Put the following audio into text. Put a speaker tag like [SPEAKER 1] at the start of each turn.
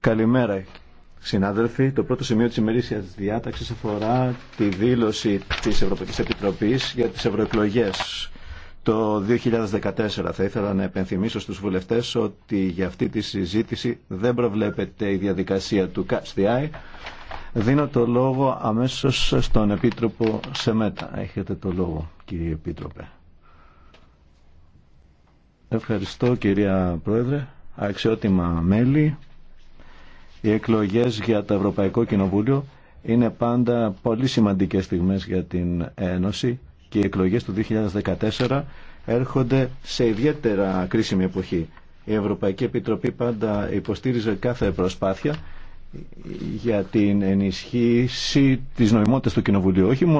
[SPEAKER 1] Καλημέρα, συνάδελφοι. Το πρώτο σημείο της ημερήσιας διάταξης αφορά τη δήλωση της Ευρωπαϊκής Επιτροπής για τις ευρωεκλογές το 2014. Θα ήθελα να επενθυμίσω στους βουλευτές ότι για αυτή τη συζήτηση δεν προβλέπεται η διαδικασία του Catch the Δίνω το λόγο αμέσως στον Επίτροπο Σεμέτα. Έχετε το λόγο, κύριε Επίτροπε. Ευχαριστώ κυρία Πρόεδρε. Αξιότιμα μέλη, οι εκλογές για το Ευρωπαϊκό Κοινοβούλιο είναι πάντα πολύ σημαντικές στιγμές για την Ένωση και οι εκλογές του 2014 έρχονται σε ιδιαίτερα κρίσιμη εποχή. Η Ευρωπαϊκή Επιτροπή πάντα υποστήριζε κάθε προσπάθεια για την ενισχύση της νοημότητας του Κοινοβουλίου,